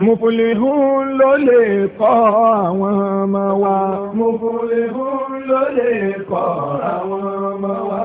Mufulihun ló lè kọ́ àwọn ọmọ wa. Mufulihun ló lè kọ́ àwọn ọmọ wa.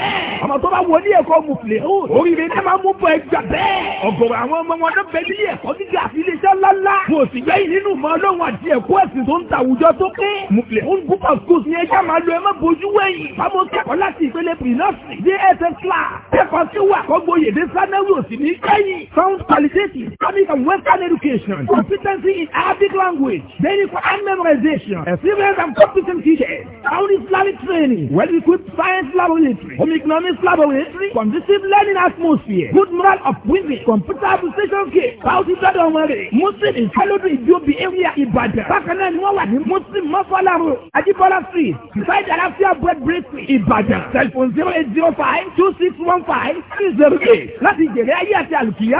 Ọmọ tó bá wọ ní ẹ̀kọ́ Mufulihun. Oríire náà máa mú bọ ẹja bẹ́ẹ̀. Ọ̀gọ̀rọ̀ àwọn ọmọ wọn náà bẹ nílé ẹ̀kọ́ gíga àti iléeṣẹ́ ńláńlá. Mo sì gbẹ́yìn nínú ìmọ̀ ọlọ́run àti ẹ̀kọ́ ẹ̀sìn tó ń ta àwùjọ tó pé. Mufulihun group of schools ni ẹja sound qualitative Islamic and Western education, competency in Arabic language, daily Quran memorization, experienced and competent teachers, sound Islamic training, well-equipped science laboratory, home economics laboratory, conducive learning atmosphere, good moral of women, computer application kit, bounty blood on worry, Muslim is followed in your behavior Ibadan. Bákan náà ni wọ́n wà ní Muslim Mọ́fọ́lá Road, Ajibola Street, beside Alafia Bread Bakery, Ibadan, telephone zero eight zero five two six one five three zero eight láti jèrè ayé àti àlùkìyà.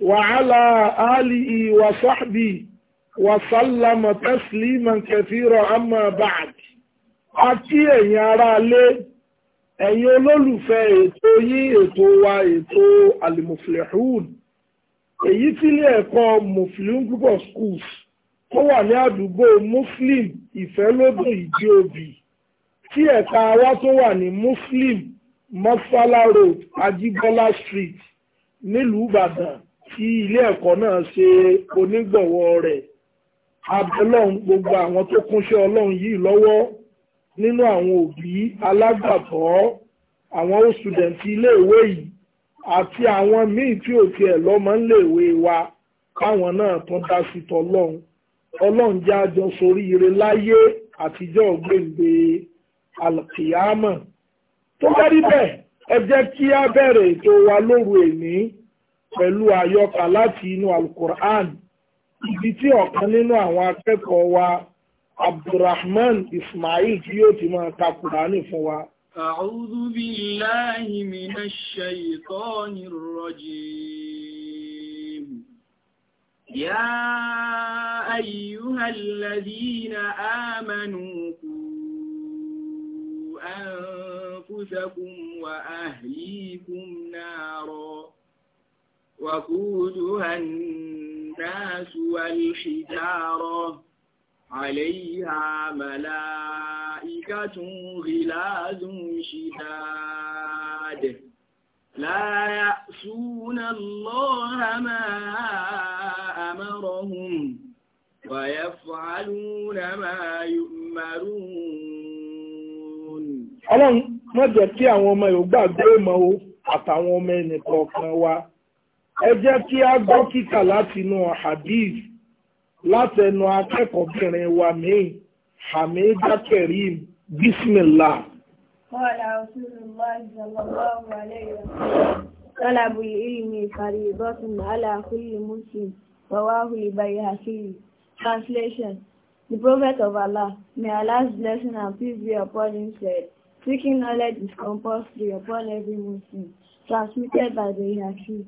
وعلى آله وصحبه وسلم تسليما كثيرا أما بعد àti ẹ̀yin ará ilé ẹ̀yin olólùfẹ́ ètò yín ètò wa ètò alimuflehun èyí tí ilé ẹ̀kọ́ muslim group of schools tó wà ní àdúgbò muslim ìfẹ́lódùn ìdí òbí tí ẹ̀ka wa tó wà ní muslim mọ́sálá road ajibola street nílùú ìbàdàn tí ilé ẹ̀kọ́ náà ṣe onígbọ̀wọ́ rẹ̀ abẹ́lọ́run gbogbo àwọn tó kúnṣẹ́ ọlọ́run yìí lọ́wọ́ nínú àwọn òbí alágbàtọ́ àwọn òṣùdẹ̀ǹtì iléèwé yìí àti àwọn míì tí ò tiẹ̀ lọ́mọ ńléèwé wa káwọn náà tún dá sí tọlọ́run ọlọ́run jẹ́ àjọ soríire láyé àtijọ́ gbèǹde alkiyama tó bá rí bẹ́ẹ̀ ẹ jẹ́ kí á bẹ̀rẹ̀ ètò wa lóru èní pẹ̀lú àyọkà láti inú alukur'an ibi tí ọ̀kan nínú àwọn akẹ́kọ̀ọ́ wa abdulrahman ismail tí yóò ti máa ka kùránì fún wa. a'udhu billahi minash shaytanir rajim. ya ayyuhal ladhina amanu qu anfusakum wa ahlikum naro. وقودها الناس والحجارة عليها ملائكة غلاظ شداد لا يأسون الله ما أمرهم ويفعلون ما يؤمرون ọlọ́run má jẹ́ kí àwọn ọmọ yorùbá gbé ìmọ̀ o ẹ jẹ́ kí a gbọ́ kíkà látinú hadith látẹnu akẹ́kọ̀ọ́bìnrin wa míì hamida kareem bismillah. Qala Rasulullah sallallahu translation The Prophet of Allah, may Allah's blessing and peace be upon him, said, Seeking knowledge is compulsory upon every Muslim, transmitted by the Yaqeen.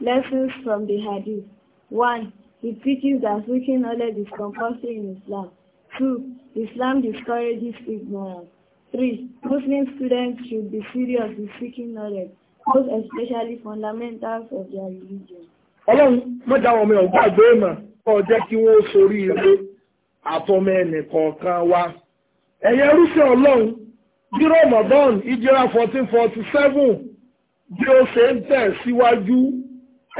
Lessons from the Hadith. 1. It teaches that seeking knowledge is compulsory in Islam. 2. Islam discourages ignorance. 3. Muslim students should be serious in seeking knowledge, most especially fundamentals of their religion. Ọlọ́run mọ́jà ọmọ ọgbà àgbé ìmọ̀ kọ́ jẹ́ kí wọ́n sórí ilé àtọmọ ẹnì kọ̀ọ̀kan wa. Ẹ̀yẹ rúṣẹ́ Ọlọ́run bí Ramadan ìjírà 1447 bí ó ṣe ń tẹ̀ síwájú. Si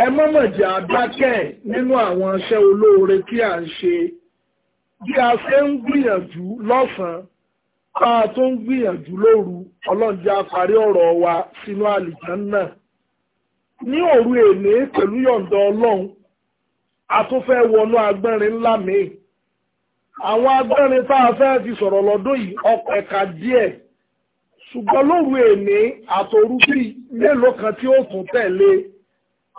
ẹ mọ́mọ̀ jẹ́ àdákẹ́ nínú àwọn iṣẹ́ olóore tí à ń ṣe bí a ṣe ń gbìyànjú lọ́sàn-án bá a tó ń gbìyànjú lóru ọlọ́njẹ́ àparí ọ̀rọ̀ wa sínú àlìján náà ní òru èlé pẹ̀lú yọ̀ǹda ọlọ́run a tún fẹ́ wọnú agbẹ́rin ńlá míì àwọn agbẹ́rin tá a fẹ́ fi sọ̀rọ̀ lọ́dún yìí ọkọ̀ ẹ̀ka díẹ̀ ṣùgbọ́n lóru èlé àtòrú bíi mélòó kan tí ó tún tẹ̀lé e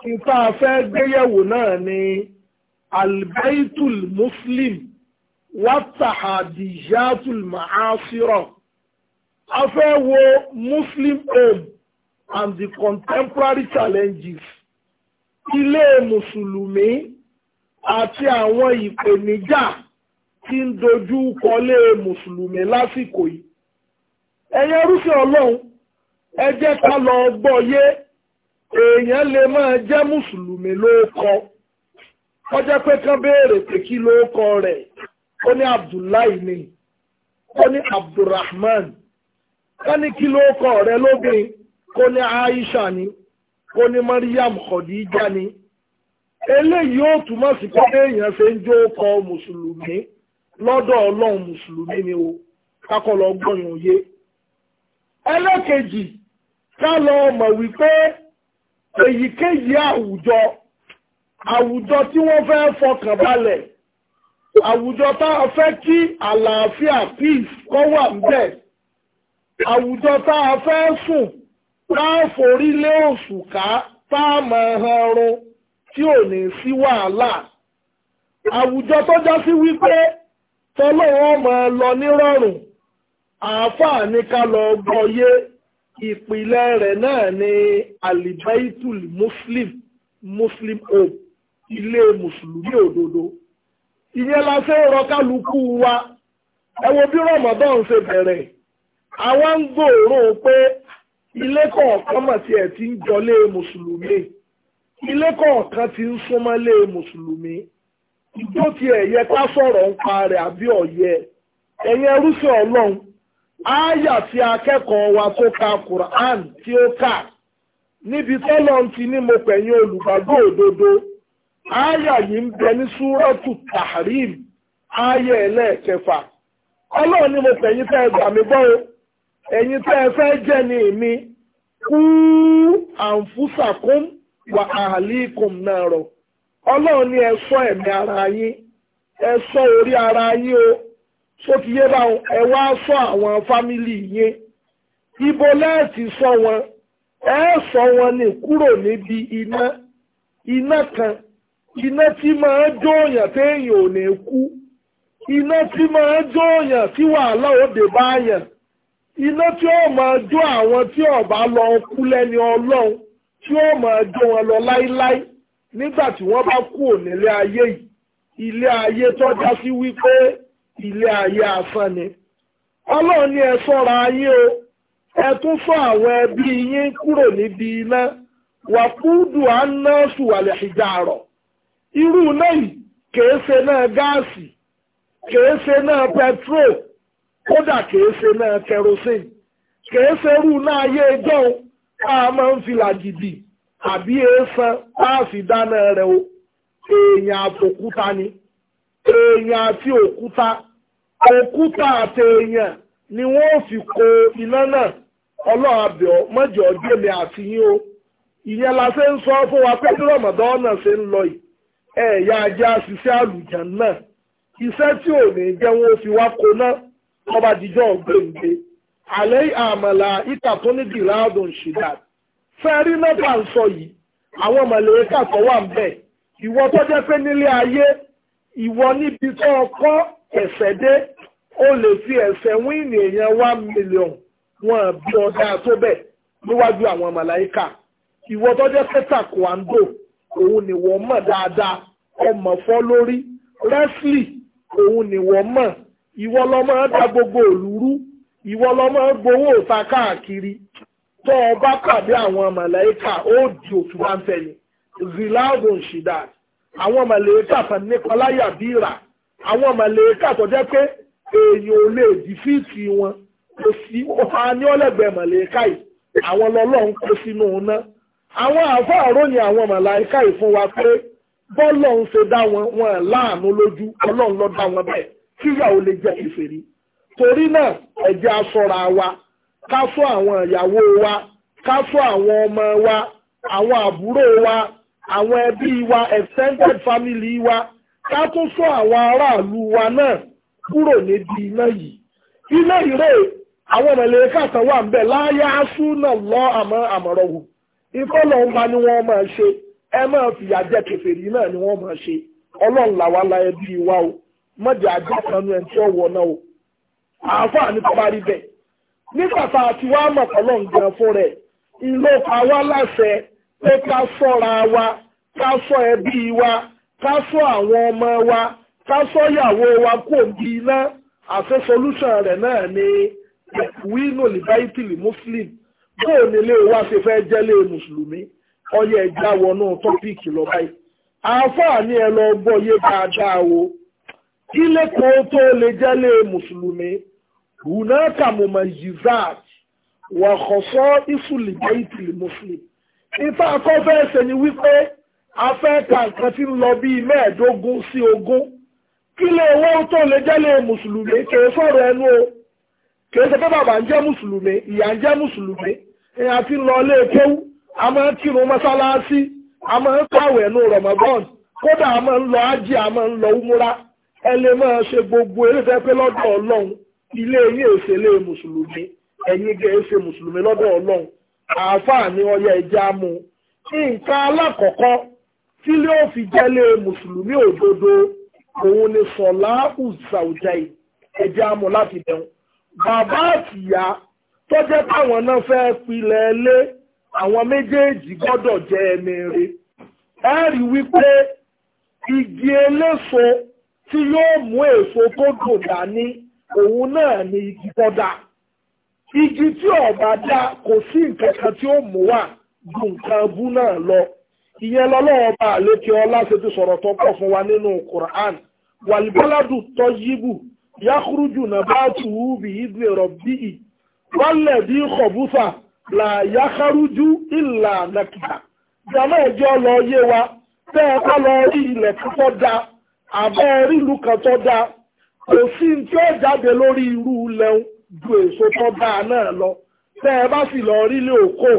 nta fẹ́ gbéyẹ̀wò náà ni albaitul muslim watahadiyatul ma'asira a fẹ́ wo muslim home and the contemporary challenges ilé mùsùlùmí àti àwọn ìpèníjà tí ń dojú kọlé mùsùlùmí lásìkò yìí ẹ̀yẹ́rúṣẹ́ ọlọ́run ẹ jẹ́ ká lọ gbọ́ yé èèyàn lè máa jẹ́ mùsùlùmí lóókọ kọjá pé kán béèrè pé kí lóókọ rẹ̀ ó ní abdullahi ni ó ní abdulrahman ká ní kí lóókọ rẹ̀ lóbìn kó ní aisha ni kó ní mariam khadija ni eléyìí ó túmọ̀ sí pé èèyàn ṣe ń jó kọ mùsùlùmí lọ́dọ̀ ọlọ́run mùsùlùmí ni o kákọ́ lọ gbọ́yàn yé ẹlẹ́kejì ká lọ mọ̀ wípé èyíkéyìí àwùjọ àwùjọ tí wọ́n fẹ́ fọkàn balẹ̀ àwùjọ tá a fẹ́ kí àlàáfíà peace kọ́ wà níbẹ̀ àwùjọ tá a fẹ́ sùn láàforí lé òṣùká tá a máa han run tí ò ní sí wàhálà àwùjọ tó já sí wípé tọ́lọ́wọ́ máa lọ nírọ̀rùn àáfàá ní ká lọ gbọ́yé ìpìlẹ̀ rẹ̀ náà ni alibaitul muslim muslim home ilé mùsùlùmí òdodo ìyẹn la ṣe ń rọ kálukú wa ẹ wo bí Ramadan ṣe bẹ̀rẹ̀ àwọn ń gbòòrò pé ilé kọ̀ọ̀kan mà tiẹ̀ ti ń jọlé mùsùlùmí ilé kọ̀ọ̀kan ti ń súnmọ́lé mùsùlùmí ìjó tiẹ̀ yẹ ká sọ̀rọ̀ ń pa àbí ọ̀yẹ ẹ̀yin ẹrúṣẹ́ ọlọ́run aya ti akẹ́kọ̀ọ́ wa tó ka Quran tí ó kà níbi tọ́lọ́n ti ní mo pẹ̀yìn olùgbàgbọ́ òdodo áyà yìí ń bẹ ní súrọ́tù tahrim áyà ẹlẹ́ẹ̀kẹfà ọlọ́run ní mo pẹ̀yìn tẹ́ gbà mí gbọ́ o ẹ̀yin tẹ́ ẹ fẹ́ jẹ́ èmi kú wà náà ara yín ẹ ara yín o. so ti yé báwọn ẹ wá sọ àwọn fámìlì yẹn ibo lẹ́ẹ̀tì sọ wọn ẹ sọ wọn ní kúrò níbi iná iná kan iná tí máa jóòyàn téèyàn ò ní kú iná tí máa jóòyàn tí wàhálà òde báyàn iná tí ó máa jó àwọn tí ọba lọ kú lẹ́ni ọlọ́run tí ó máa jó wọn lọ láíláí nígbà tí wọ́n bá kú ònílé ayé yìí ilé ayé tó já sí wípé ilé ayé asán ni ọlọ́run ni ẹ sọ́ra ayé o ẹ tún fọ́ àwọn ẹbí yín kúrò níbi iná wàkúùdù anásù wàlẹ̀ ìjàrọ̀ irú náà kèé ṣe náà gáàsì kèé ṣe náà pẹtrol kódà kèé ṣe náà kerosene kèé ṣe irú náà ayé ẹjọ́ a máa ń fi làgìdì àbí a dáná rẹ o èèyàn àtòkúta ni èèyàn àti òkúta òkúta àtẹ̀yàn ni wọ́n fi kó iná náà ọlọ́run abẹ́ọ̀ mọ́jọ́ ọdún àti yín o ìyẹn la ṣe ń sọ fún wa pé bí rọ̀mọ̀dán náà ṣe ń lọ yìí ẹ̀yà ajé àṣìṣe àlùjàn náà iṣẹ́ tí ò ní jẹ́ wọn fi wá kó náà ọba jíjọ́ àlẹ́ àmàlà ṣìdá ń sọ yìí àwọn mọ̀lẹ́kà kan wà ń bẹ̀ ìwọ tó jẹ́ pé nílé ayé ìwọ níbi tó ọkọ́ ẹ̀sẹ̀ dé ó lè fi ẹ̀sẹ̀ wíìnì èèyàn one million wọn bí ọ̀dà tó bẹ̀ níwájú àwọn màláìkà ìwọ tó jẹ́ pẹ́tà kwando òun ni wọ́n mọ̀ dáadáa ọmọ fọ́ lórí rẹ́sìlì òun ni wọ́n mọ̀ ìwọ lọ́mọ dá gbogbo òlúrú ìwọ lọ́mọ gbowó òta káàkiri tó o pàdé àwọn màláìkà ó di òtún bá ń fẹ́ zilagun shida àwọn màláìkà kan nípa àwọn màlẹ́kà tó jẹ́ pé èèyàn ò lè dìfíìtì wọn kò sí ọ̀hà ní ọ̀lẹ́gbẹ̀ẹ́ màlẹ́kà yìí àwọn lọ́lọ́run kó sínú iná àwọn àáfàá ròyìn àwọn màlẹ́kà yìí fún wa pé bọ́ọ̀lọ́ ń ṣe dá wọn wọn láàánú lójú ọlọ́run ló dá wọn bẹ́ẹ̀ kíyà ò lè jẹ́ ìfèrí torí náà ẹ jẹ́ wa ká ṣọ́ àwọn ìyàwó wa ká ṣọ́ àwọn ọmọ wa àwọn àbúrò wa àwọn ẹbí wa extended family wa ká tún sọ àwọn aráàlú wa náà kúrò níbi iná yìí iná ìrè àwọn ọ̀nàlẹ̀ kàtà wà ń bẹ̀ láyé aṣú náà lọ àmọ́ àmọ̀rọ̀ wò ìfọ́lọ̀ ń bá ní wọ́n máa ṣe ẹ máa fìyà jẹ kèfèrí náà ni wọ́n máa ṣe ọlọ́run làwa la ẹbí wa o mọ̀jẹ̀ àjọ kan ẹni tí ó wọ̀ náà o àáfàá ní tó bá rí bẹ́ẹ̀ nígbà tá a ti wá mọ̀ pọ̀lọ́ nǹkan fún rẹ̀ ìlò pa wá láṣẹ pé ká sọ́ra wa ká sọ ẹbí wa ká sọ àwọn ọmọ wa ká sọ ìyàwó wa kó bí iná àṣẹ solution rẹ̀ náà ni wíìnù libaitili muslim bóò nílé wa ṣe fẹ́ jẹ́lé mùsùlùmí ọyẹ ẹja wọnú tọ́píìkì lọ báyìí àáfàá ni ẹ lọ gbọ́ yé dáadáa o ilé kan tó lè jẹ́lé mùsùlùmí hunaka mumayizat wàhọ̀sọ́ isulibaitil muslim ìfà akọ́fẹ́ ẹsẹ̀ ni wípé. afẹ́ka nǹkan ti ń lọ bíi mẹ́ẹ̀ẹ́dógún sí ogún kí lè owó tó lè jẹ́lé mùsùlùmí sọ̀rọ̀ ẹnu o kèé ṣe pé bàbá ń jẹ́ mùsùlùmí ìyá ń jẹ́ mùsùlùmí ti ń lọ ilé kéwú a máa ń kírun mọ́sálásí a máa ń kàwé ẹnu kódà a máa gbogbo eléfẹ́ pé lọ́dọ̀ ọlọ́run ilé lé mùsùlùmí ẹ̀yin mùsùlùmí lọ́dọ̀ ọlọ́run àáfàá ni ọyẹ ìjà mu nǹkan tí lè ó fi jẹ́lé mùsùlùmí òdodo òun ni sọ̀lá ùsàùjáì ẹ̀jẹ̀ amọ̀ láti bẹ̀rù bàbá àtìyá tọ́jẹ́ táwọn náà fẹ́ pilẹ̀ lé àwọn méjèèjì gbọ́dọ̀ jẹ́ ẹni rè ẹ rí wípé igi eléso tí yóò mú èso tó dùn dání òun náà ni igi bọ́dà igi tí ọ̀bá dá kò sí nǹkan kan tí ó mú wá ju nǹkan bú náà lọ ìyẹn lọ́lọ́wọ́ bá àlékè ọlá ṣe ti sọ̀rọ̀ tó pọ̀ fún wa nínú Qur'an wàlúbọ́ládù tọ́yíbù yákúrújù náà bá tùwú bí ibi ẹ̀rọ bí i wálẹ̀ bí kọ̀búfà là yákárújú ìlà nàkìdà jàmọ́ ẹ̀jẹ̀ ọlọ yé wa tẹ́ kọ́ lọ rí ilẹ̀ tó da àbẹ́ rílu kan tó da kò sí tí ó jáde lórí irú lẹ́hún ju èso tó da náà lọ tẹ́ bá sì lọ rí ilé òkò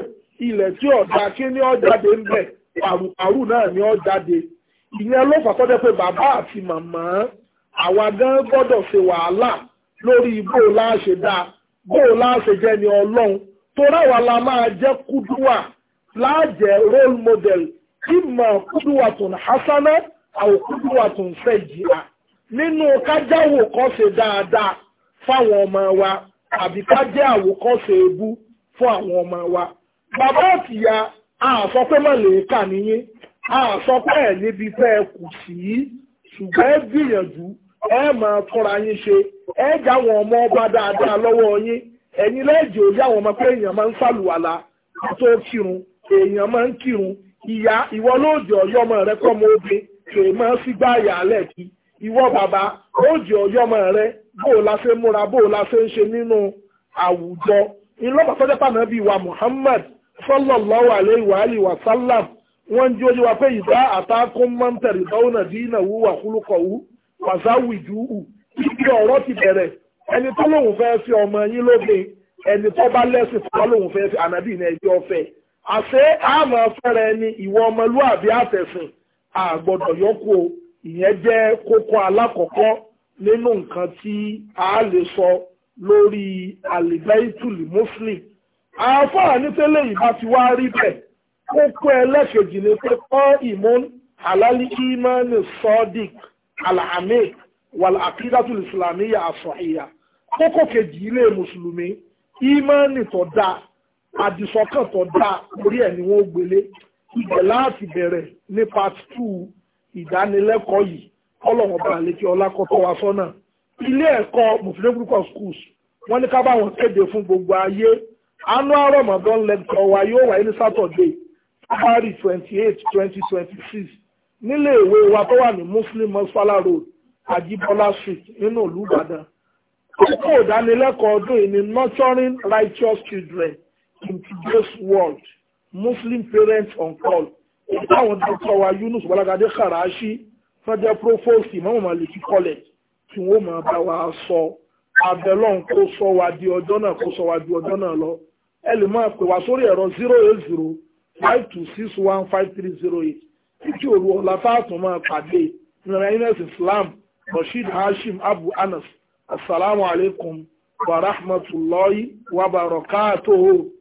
ilẹ̀ tí ọ̀dà kí ní ọ̀jáde ń bẹ̀ pàrùpàrù náà ni ó jáde ìyẹn ló fà tọ́jọ́ pé bàbá àti màmá àwa gan gbọ́dọ̀ ṣe wàhálà lórí bó o láṣẹ dá bó o láṣẹ jẹ́ ni ọlọ́run torí àwa la máa jẹ́ kúdúwà láàjẹ́ role model ìmọ̀ kúdúwà tó ń hasana àwọn kúdúwà tó ń fẹ́ jìyà nínú kájáwò kan ṣe dáadáa fáwọn ọmọ wa àbí kájẹ́ àwòkọ́ṣe ebú fún àwọn ọmọ wa bàbá àtìyá a ah, sọ pé mọ̀lẹ́kà nìyí a ah, sọ pé ẹ̀ níbi fẹ́ ẹ kù sí ṣùgbọ́n ẹ gbìyànjú ẹ máa kọ́ra yín ṣe ẹ já àwọn ọmọ ọba dáadáa lọ́wọ́ yín ẹ̀yin lẹ́jọ́ yá àwọn ọmọ pé èèyàn máa ń sàlùwàlà tó kírun èèyàn máa ń kírun ìyá ìwọ lóòjọ́ ọ̀yọ́ ọmọ rẹ kọ́ ọmọ obìnrin kè é máa sígbà yàálẹ̀ kí ìwọ bàbá lóòjọ́ ọ̀yọ́ ọmọ rẹ bó o la ṣe múra bó o la ṣe ń ṣe nínú àwùjọ ìlọ́pàá tọ́jọ́ pàmò bíi wa Muhammad sallallahu alayhi wa alihi wa sallam wọ́n ń jí ojú wa pé ìdá àtàkùn máa ń tẹ̀rí dọ́wọ́nà bí iná wú wà kúlùkọ̀ wú wàsáwì jù ú ibi ọ̀rọ̀ ti bẹ̀rẹ̀ ẹni tó lóun fẹ́ fi ọmọ yín lóde ẹni tó bá lẹ́sìn tó lóun fẹ́ fi ànábì ní ẹjọ́ fẹ́ àṣé àmọ́ fẹ́rẹ̀ ẹni ìwọ ọmọlúàbí àtẹ̀sìn àgbọ̀dọ̀ yọkù ìyẹn jẹ́ kókó alákọ̀ọ́kọ́ nínú nǹkan tí a lè sọ lórí àlìbáyìtùlì muslim àáfàá ní tẹ́lẹ̀ yìí bá ti wá rí bẹ́ẹ̀ kókó ẹlẹ́kejì ni pé kọ́ ìmún alali imani sadiq alhamid wal akidatu islamiyya asahiya kókó kejì ilé mùsùlùmí imani tó dáa àdìsọ́kàn tó dáa orí ẹ̀ ni wọ́n gbélé ibẹ̀ láti bẹ̀rẹ̀ ní part two ìdánilẹ́kọ̀ọ́ yìí ọlọ́run ọba àlejò ọlákọ́tọ́ wa sọ́nà ilé ẹ̀kọ́ mufilebukọ schools wọ́n ní ká bá kéde fún gbogbo ayé annual Ramadan lecture wa yóò wáyé ní Saturday February twenty eight twenty twenty six nílé ìwé wa tó wà ní Muslim Mosfala Road Ajibola Street nínú ìlú Ìbàdàn kókó ìdánilẹ́kọ̀ọ́ ọdún yìí ni nurturing righteous children in today's world Muslim parents on call ìtàwọn dọ́kítọ̀ wa Yunus Balagade Karashi fẹ́jẹ́ provost Imam Maliki College tí wọ́n máa bá wa sọ abẹ́lọ́n kó sọ wa di ọjọ́ náà kó sọ wa di ọjọ́ náà lọ ẹ lè máa sórí ẹ̀rọ zero eight zero five two six one five three zero eight títí òru ọ̀la fáàtún máa pàdé ìrìnà ines islam rasheed hashim abu anas asalaamu alaykum wa rahmatulahi wa barakatuhu.